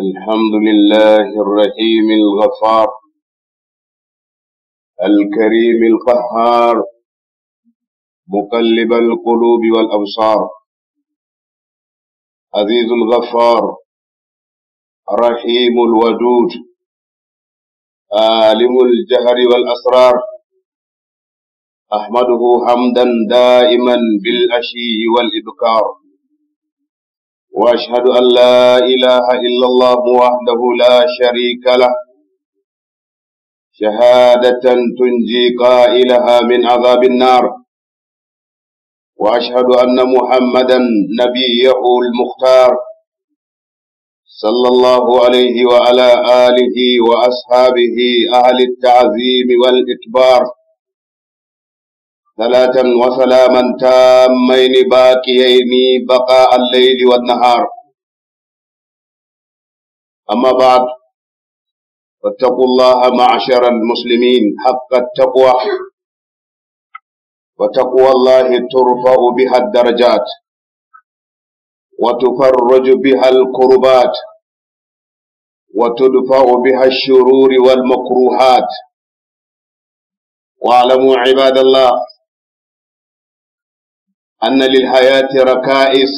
الحمد لله الرحيم الغفار الكريم القهار مقلب القلوب والأبصار عزيز الغفار رحيم الودود عالم الجهر والأسرار أحمده حمدا دائما بالأشي والإبكار واشهد ان لا اله الا الله وحده لا شريك له شهاده تنجي قائلها من عذاب النار واشهد ان محمدا نبيه المختار صلى الله عليه وعلى اله واصحابه اهل التعظيم والاكبار صلاة وسلاما تامين باقيين بقاء الليل والنهار أما بعد فاتقوا الله معشر المسلمين حق التقوى وتقوى الله ترفع بها الدرجات وتفرج بها الكربات وتدفع بها الشرور والمكروهات واعلموا عباد الله أن للحياة ركائز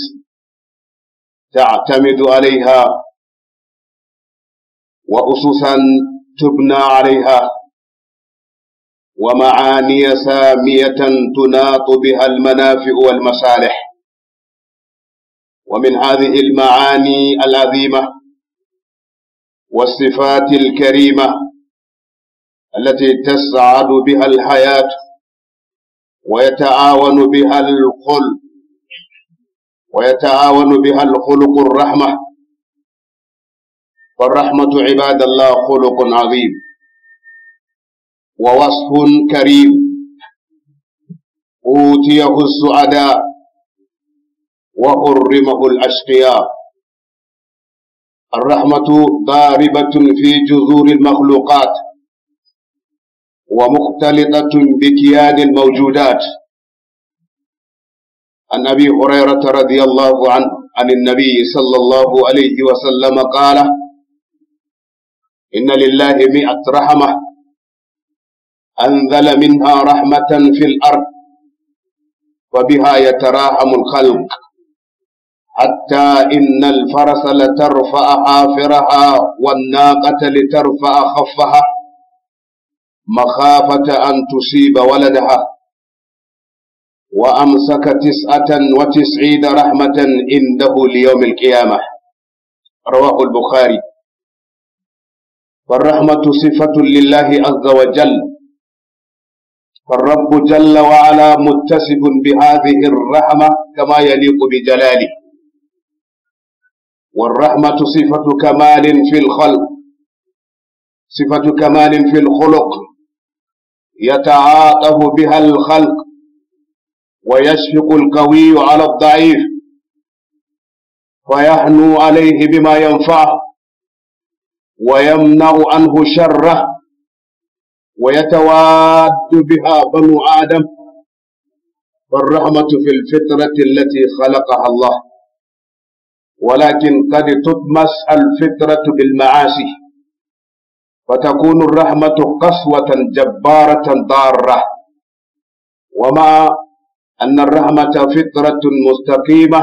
تعتمد عليها وأسسا تبنى عليها ومعاني سامية تناط بها المنافع والمصالح ومن هذه المعاني العظيمة والصفات الكريمة التي تسعد بها الحياة ويتعاون بها الخلق ويتعاون بها الخلق الرحمة فالرحمة عباد الله خلق عظيم ووصف كريم أوتيه السعداء وحرمه الأشقياء الرحمة ضاربة في جذور المخلوقات ومختلطة بكيان الموجودات عن أبي هريرة رضي الله عنه عن النبي صلى الله عليه وسلم قال إن لله مئة رحمة أنزل منها رحمة في الأرض وبها يتراحم الخلق حتى إن الفرس لترفع حافرها والناقة لترفع خفها مخافة أن تصيب ولدها وأمسك تسعة وتسعين رحمة عنده ليوم القيامة رواه البخاري فالرحمة صفة لله عز وجل فالرب جل وعلا متصف بهذه الرحمة كما يليق بجلاله والرحمة صفة كمال في الخلق صفة كمال في الخلق يتعاطف بها الخلق ويشفق القوي على الضعيف فيحنو عليه بما ينفعه ويمنع عنه شره ويتواد بها بنو آدم فالرحمة في الفطرة التي خلقها الله ولكن قد تطمس الفطرة بالمعاصي فتكون الرحمة قسوة جبارة ضارة ومع أن الرحمة فطرة مستقيمة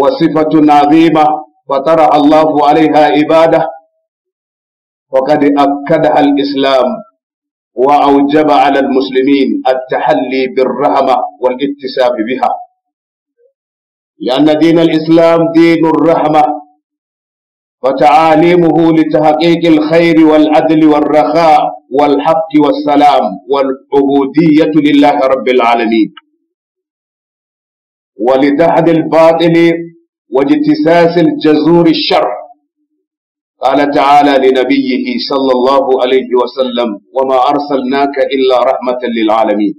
وصفة عظيمة فطرأ الله عليها عباده وقد أكدها الإسلام وأوجب على المسلمين التحلي بالرحمة والاتساب بها لأن دين الإسلام دين الرحمة وتعاليمه لتحقيق الخير والعدل والرخاء والحق والسلام والعبودية لله رب العالمين ولدحد الباطل واجتساس الجزور الشر قال تعالى لنبيه صلى الله عليه وسلم وما أرسلناك إلا رحمة للعالمين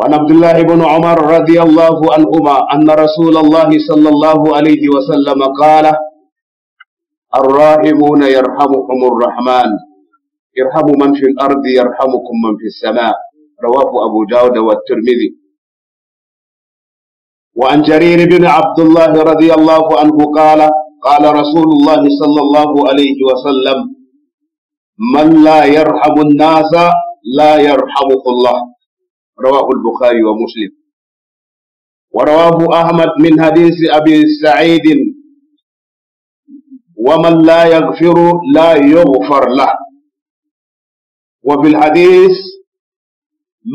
وعن عبد الله بن عمر رضي الله عنهما أن رسول الله صلى الله عليه وسلم قال الراحمون يرحمكم الرحمن ارحموا من في الأرض يرحمكم من في السماء رواه أبو داود والترمذي وعن جرير بن عبد الله رضي الله عنه قال قال رسول الله صلى الله عليه وسلم من لا يرحم الناس لا يرحمه الله رواه البخاري ومسلم ورواه أحمد من حديث أبي سعيد ومن لا يغفر لا يغفر له وفي الحديث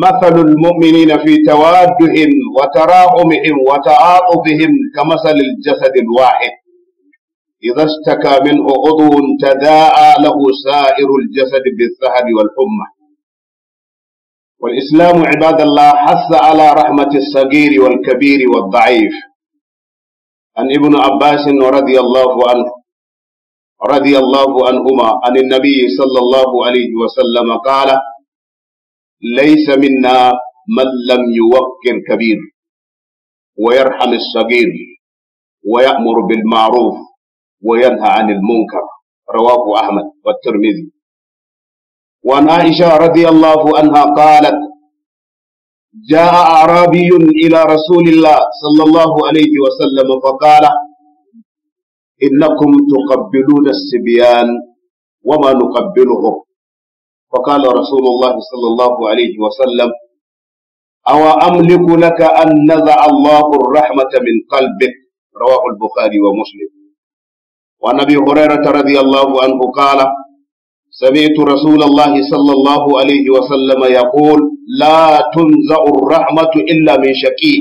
مثل المؤمنين في توادهم وتراحمهم وتعاطفهم كمثل الجسد الواحد إذا اشتكى منه عضو تداعى له سائر الجسد بالسهر والحمى والإسلام عباد الله حث على رحمة الصغير والكبير والضعيف عن ابن عباس رضي الله عنه رضي الله عنهما عن النبي صلى الله عليه وسلم قال ليس منا من لم يوقر كبير ويرحم الصغير ويأمر بالمعروف وينهى عن المنكر رواه أحمد والترمذي وعن عائشة رضي الله عنها قالت جاء أعرابي إلى رسول الله صلى الله عليه وسلم فقال إنكم تقبلون السبيان وما نقبلهم فقال رسول الله صلى الله عليه وسلم أو أملك لك أن نزع الله الرحمة من قلبك رواه البخاري ومسلم وعن أبي هريرة رضي الله عنه قال سمعت رسول الله صلى الله عليه وسلم يقول لا تنزع الرحمة إلا من شكي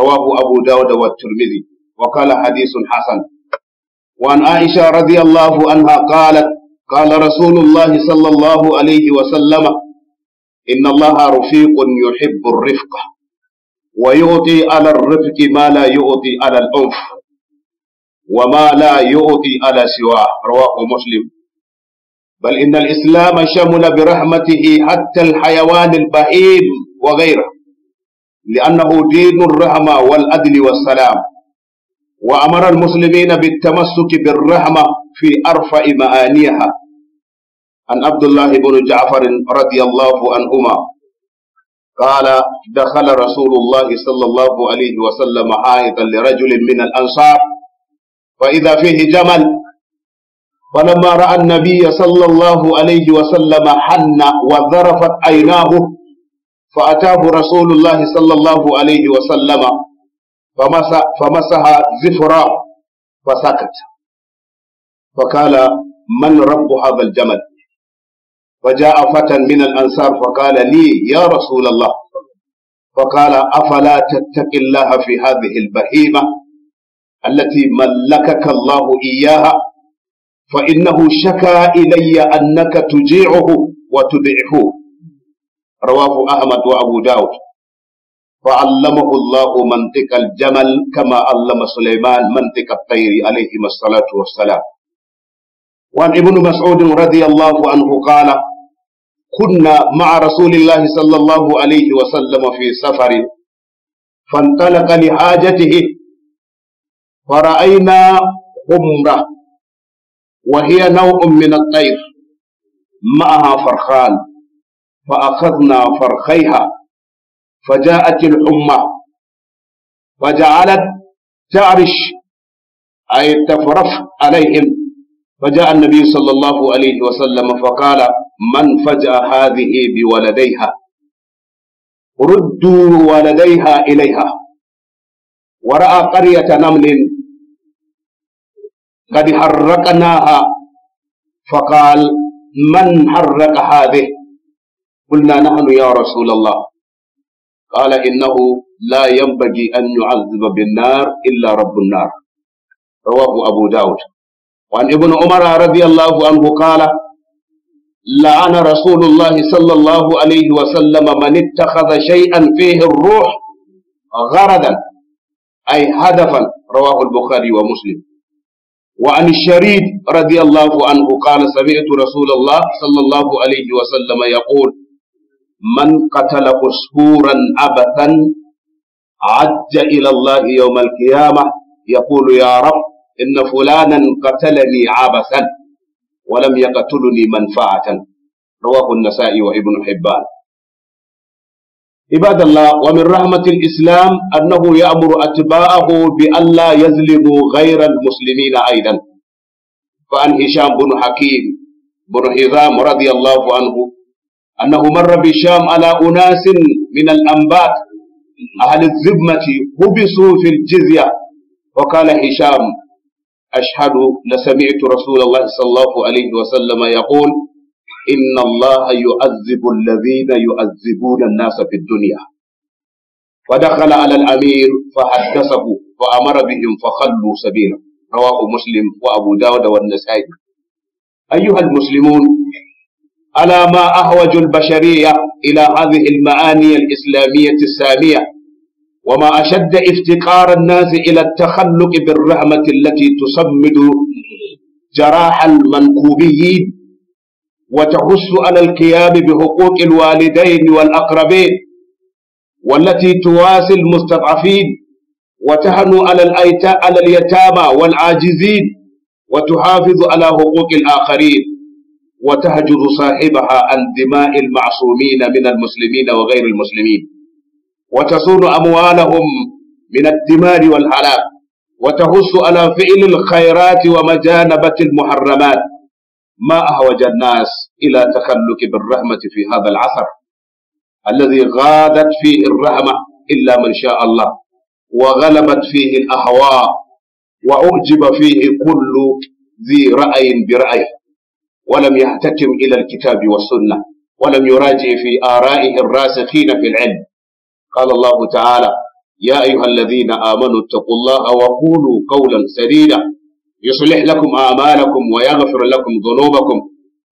رواه أبو داود والترمذي وقال حديث حسن وعن عائشة رضي الله عنها قالت قال رسول الله صلى الله عليه وسلم إن الله رفيق يحب الرفق ويؤتي على الرفق ما لا يؤتي على الأنف وما لا يؤتي على سواه رواه مسلم بل إن الإسلام شمل برحمته حتى الحيوان البهيم وغيره لأنه دين الرحمة والعدل والسلام وأمر المسلمين بالتمسك بالرحمة في أرفع معانيها عن عبد الله بن جعفر رضي الله عنهما قال دخل رسول الله صلى الله عليه وسلم حائطا لرجل من الأنصار فإذا فيه جمل فلما رأى النبي صلى الله عليه وسلم حن وذرفت عيناه فأتاه رسول الله صلى الله عليه وسلم فمسح فمسها زفرا فسكت فقال من رب هذا الجمل فجاء فتى من الأنصار فقال لي يا رسول الله فقال أفلا تتقي الله في هذه البهيمة التي ملكك الله إياها فإنه شكى إلي أنك تجيعه وتبعه رواه أحمد وأبو داود فعلمه الله منطق الجمل كما علم سليمان منطق الطير عليهما الصلاة والسلام وعن ابن مسعود رضي الله عنه قال كنا مع رسول الله صلى الله عليه وسلم في سفر فانطلق لحاجته فرأينا حمره وهي نوع من الطير معها فرخان فأخذنا فرخيها فجاءت الحمى فجعلت تعرش أي تفرف عليهم فجاء النبي صلى الله عليه وسلم فقال من فجأ هذه بولديها ردوا ولديها إليها ورأى قرية نمل قد حركناها فقال من حرك هذه قلنا نحن يا رسول الله قال إنه لا ينبغي أن يعذب بالنار إلا رب النار رواه أبو داود وعن ابن عمر رضي الله عنه قال لعن رسول الله صلى الله عليه وسلم من اتخذ شيئا فيه الروح غرضا أي هدفا رواه البخاري ومسلم وعن الشريد رضي الله عنه قال سمعت رسول الله صلى الله عليه وسلم يقول من قتل قصورا عبثا عج إلى الله يوم القيامة يقول يا رب إن فلانا قتلني عبثا ولم يقتلني منفعة رواه النسائي وابن حبان عباد الله ومن رحمة الإسلام أنه يأمر أتباعه بألا يظلموا غير المسلمين أيضا فعن هشام بن حكيم بن هزام رضي الله عنه أنه مر بشام على أناس من الأنبات أهل الزبمة حبسوا في الجزية وقال هشام أشهد لسمعت رسول الله صلى الله عليه وسلم يقول إن الله يعذب الذين يعذبون الناس في الدنيا فدخل على الأمير فحدثه فأمر بهم فخلوا سبيله رواه مسلم وأبو داود والنسائي أيها المسلمون على ما أهوج البشرية إلى هذه المعاني الإسلامية السامية وما أشد افتقار الناس إلى التخلق بالرحمة التي تصمد جراح المنكوبيين وتحث على القيام بحقوق الوالدين والأقربين والتي تواسي المستضعفين وتهن على على اليتامى والعاجزين وتحافظ على حقوق الآخرين وتهجر صاحبها عن دماء المعصومين من المسلمين وغير المسلمين وتصون أموالهم من الدمار والهلاك وتحث على فعل الخيرات ومجانبة المحرمات ما أهوج الناس إلى تخلك بالرحمة في هذا العصر الذي غادت فيه الرحمة إلا من شاء الله وغلبت فيه الأهواء وأعجب فيه كل ذي رأي برأيه ولم يحتكم إلى الكتاب والسنة ولم يراجع في آرائه الراسخين في العلم قال الله تعالى يا أيها الذين آمنوا اتقوا الله وقولوا قولا سديدا يصلح لكم أعمالكم ويغفر لكم ذنوبكم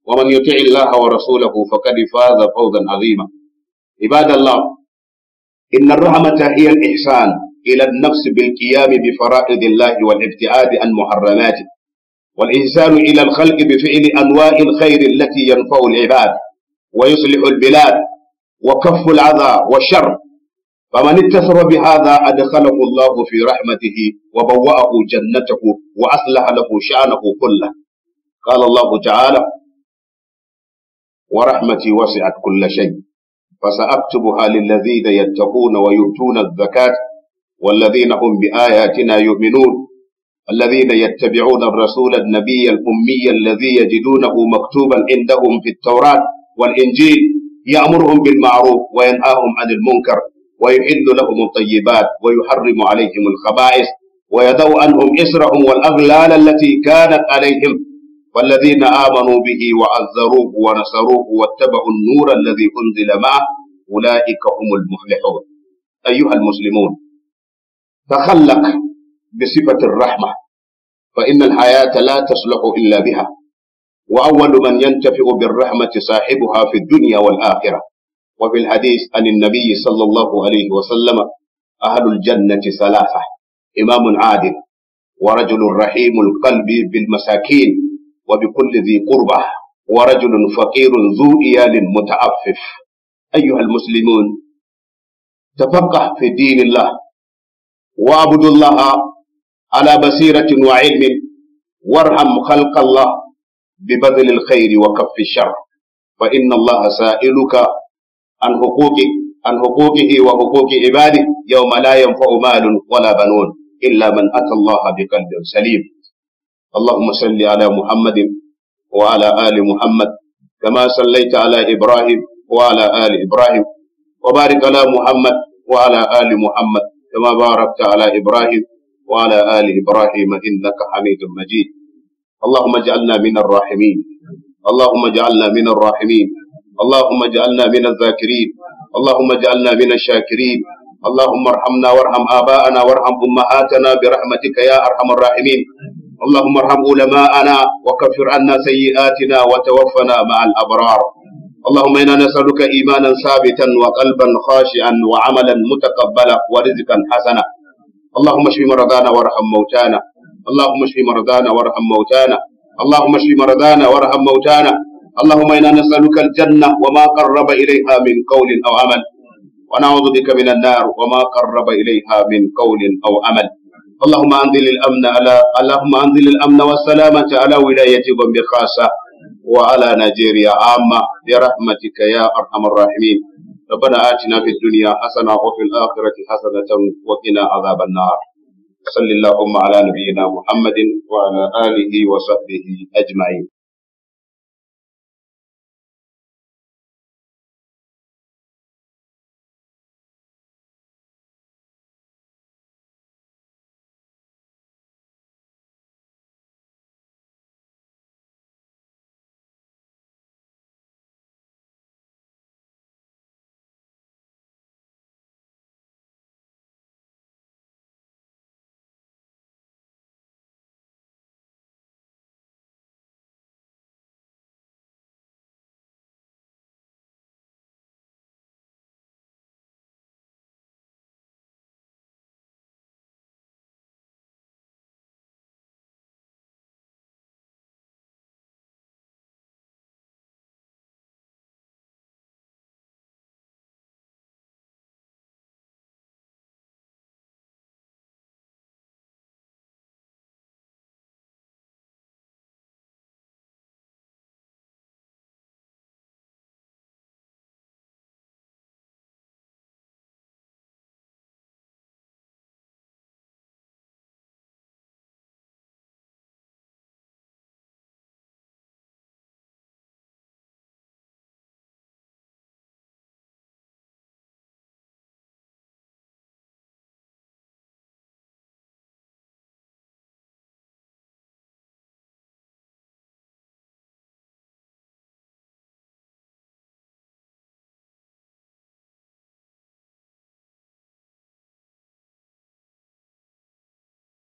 ومن يطع الله ورسوله فقد فاز فوزا عظيما عباد الله إن الرحمة هي الإحسان إلى النفس بالقيام بفرائض الله والابتعاد عن محرماته والإحسان إلى الخلق بفعل أنواع الخير التي ينفع العباد ويصلح البلاد وكف العذى والشر فمن اتصف بهذا أدخله الله في رحمته وبوأه جنته وأصلح له شأنه كله قال الله تعالى ورحمتي وسعت كل شيء فسأكتبها للذين يتقون ويؤتون الزكاة والذين هم بآياتنا يؤمنون الذين يتبعون الرسول النبي الأمي الذي يجدونه مكتوبا عندهم في التوراة والإنجيل يأمرهم بالمعروف وينهاهم عن المنكر ويحل لهم الطيبات ويحرم عليهم الخبائث ويدعو عنهم إسرهم والأغلال التي كانت عليهم والذين آمنوا به وعذروه ونصروه واتبعوا النور الذي أنزل معه أولئك هم المفلحون أيها المسلمون تخلق بصفة الرحمة فإن الحياة لا تصلح إلا بها وأول من ينتفع بالرحمة صاحبها في الدنيا والآخرة وفي الحديث عن النبي صلى الله عليه وسلم أهل الجنة ثلاثة إمام عادل ورجل رحيم القلب بالمساكين وبكل ذي قربة ورجل فقير ذو إيال متعفف أيها المسلمون تفقه في دين الله واعبد الله على بصيرة وعلم وارحم خلق الله ببذل الخير وكف الشر فإن الله سائلك عن حقوقه عن حقوقه وحقوق عباده يوم لا ينفع مال ولا بنون إلا من أتى الله بقلب سليم اللهم صل على محمد وعلى آل محمد كما صليت على إبراهيم وعلى آل إبراهيم وبارك على محمد وعلى آل محمد كما باركت على إبراهيم وعلى آل إبراهيم إنك حميد مجيد اللهم اجعلنا من الراحمين اللهم اجعلنا من الراحمين اللهم اجعلنا من الذاكرين اللهم اجعلنا من الشاكرين اللهم ارحمنا وارحم آباءنا وارحم أمهاتنا برحمتك يا أرحم الراحمين اللهم ارحم علماءنا وكفر عنا سيئاتنا وتوفنا مع الأبرار اللهم إنا نسألك إيمانا ثابتا وقلبا خاشعا وعملا متقبلا ورزقا حسنا اللهم اشف مرضانا وارحم موتانا اللهم اشف مرضانا وارحم موتانا اللهم اشف مرضانا وارحم موتانا اللهم إنا نسألك الجنة وما قرب إليها من قول أو عمل ونعوذ بك من النار وما قرب إليها من قول أو عمل اللهم أنزل الأمن على اللهم أنزل الأمن والسلامة على ولاية بومبي خاصة وعلى نيجيريا عامة برحمتك يا أرحم الراحمين ربنا آتنا في الدنيا حسنة وفي الآخرة حسنة وقنا عذاب النار صلى اللهم على نبينا محمد وعلى آله وصحبه أجمعين